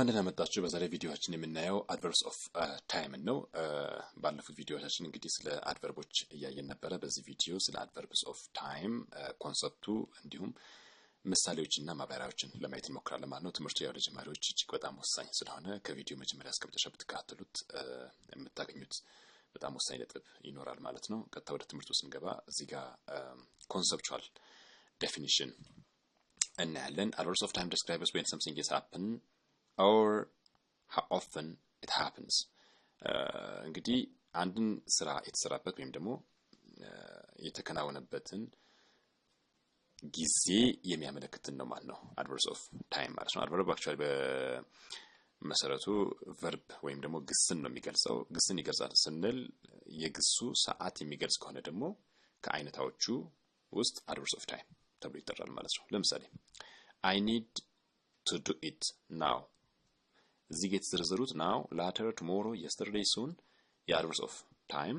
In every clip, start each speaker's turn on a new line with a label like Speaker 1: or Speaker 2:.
Speaker 1: እንኳን መጣችሁ በዛሬ ቪዲዮችን የምናየው አድቨርብስ ኦፍ ታይም ነው። uh, ባለፉት ቪዲዮቻችን እንግዲህ ስለ አድቨርቦች እያየን ነበረ። በዚህ ቪዲዮ ስለ አድቨርብስ ኦፍ ታይም ኮንሰፕቱ እንዲሁም ምሳሌዎችና ማብራሪያዎችን ለማየት እንሞክራለን ማለት ነው። ትምህርቱ ያው ለጀማሪዎች እጅግ በጣም ወሳኝ ስለሆነ ከቪዲዮ መጀመሪያ እስከመጨረሻ ብትከታተሉት uh, የምታገኙት በጣም ወሳኝ ነጥብ ይኖራል ማለት ነው። ቀጥታ ወደ ትምህርቱ ስንገባ እዚህ ጋር ኮንሰፕቹዋል um, ዴፊኒሽን እናያለን። አድቨርብስ ኦፍ ታይም ዲስክራይብስ ዌን ሰምቲንግ ኢዝ ኦር how often it happens uh, እንግዲህ አንድን ስራ የተሰራበት ወይም ደግሞ uh, የተከናወነበትን ጊዜ የሚያመለክትን ነው ማለት ነው። አድቨርስ ኦፍ ታይም ማለት ነው። አድቨርብ አክቹዋሊ በመሰረቱ ቨርብ ወይም ደግሞ ግስን ነው የሚገልጸው። ግስን ይገልጻል ስንል የግሱ ሰዓት የሚገልጽ ከሆነ ደግሞ ከአይነታዎቹ ውስጥ አድቨርስ ኦፍ ታይም ተብሎ ይጠራል ማለት ነው። ለምሳሌ አይ ኒድ ቱ ዱ ኢት ናው እዚህ ጋ የተዘረዘሩት ናው፣ ላተር፣ ቱሞሮ፣ የስተርዴይ፣ ሱን የአድቨርስ ኦፍ ታይም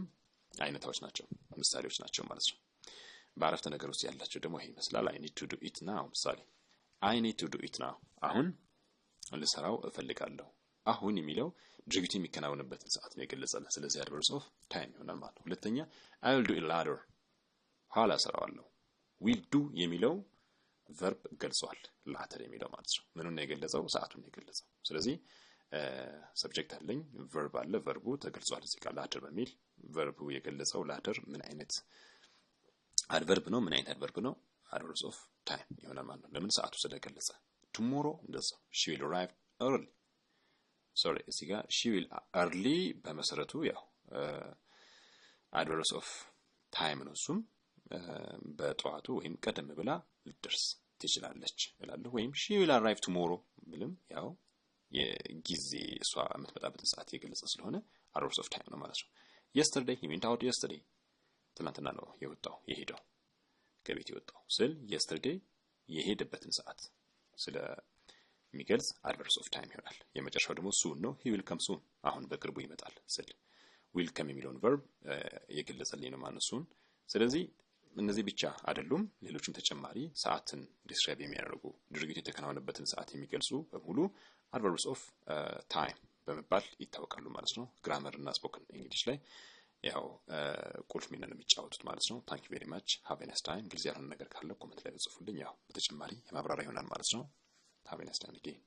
Speaker 1: አይነታዎች ናቸው፣ ምሳሌዎች ናቸው ማለት ነው። በአረፍተ ነገር ውስጥ ያላቸው ደግሞ ይሄ ይመስላል። አይ ኒድ ቱ ዱ ኢት ናው። ምሳሌ አይ ኒድ ቱ ዱ ኢት ናው፣ አሁን ልሰራው እፈልጋለሁ። አሁን የሚለው ድርጊቱ የሚከናወንበትን ሰዓት ነው የገለጸልን። ስለዚህ አድቨርስ ኦፍ ታይም ይሆናል ማለት ነው። ሁለተኛ አይ ዊል ዱ ኢት ላተር፣ ኋላ እሰራዋለሁ። ዊል ዱ የሚለው ቨርብ ገልጿል። ላተር የሚለው ማለት ነው። ምኑን ነው የገለጸው? ሰዓቱን ነው የገለጸው። ስለዚህ ሰብጀክት አለኝ፣ ቨርብ አለ። ቨርቡ ተገልጿል እዚህ ጋር ላተር በሚል ቨርቡ የገለጸው ላተር ምን አይነት አድቨርብ ነው? ምን አይነት አድቨርብ ነው? አድቨርብ ኦፍ ታይም ይሆናል ማለት ነው። ለምን ሰዓቱ ስለገለጸ። ቱሞሮ እንደዛው ሺ ዊል አራይቭ ኤርሊ ሶሪ፣ እዚህ ጋር ሺ ዊል ኤርሊ በመሰረቱ ያው አድቨርብ ኦፍ ታይም ነው እሱም በጠዋቱ ወይም ቀደም ብላ ልትደርስ ትችላለች እላለሁ። ወይም ሺ ዊል አራይቭ ቱሞሮ ብልም ያው የጊዜ እሷ የምትመጣበትን ሰዓት የገለጸ ስለሆነ አሮርስ ኦፍ ታይም ነው ማለት ነው። የስተርዴይ ሂ ዌንት አውት የስተርዴይ፣ ትናንትና ነው የወጣው የሄደው ከቤት የወጣው ስል የስተርዴይ የሄደበትን ሰዓት ስለሚገልጽ አድቨርስ ኦፍ ታይም ይሆናል። የመጨረሻው ደግሞ ሱን ነው። ሂ ዊል ከም ሱን፣ አሁን በቅርቡ ይመጣል ስል ዊል ከም የሚለውን ቨርብ የገለጸልኝ ነው ማነሱን። ስለዚህ እነዚህ ብቻ አይደሉም። ሌሎችም ተጨማሪ ሰዓትን ዲስክራይብ የሚያደርጉ ድርጊቱ የተከናወነበትን ሰዓት የሚገልጹ በሙሉ አድቨርብስ ኦፍ ታይም በመባል ይታወቃሉ ማለት ነው። ግራመር እና ስፖክን እንግሊሽ ላይ ያው ቁልፍ ሚና ነው የሚጫወቱት ማለት ነው። ታንክ ቬሪ ማች ሀቬነስ ታይም። ግልጽ ያልሆነ ነገር ካለ ኮመንት ላይ ጽፉልኝ። ያው በተጨማሪ የማብራሪያ ይሆናል ማለት ነው። ሀቬነስ ታይም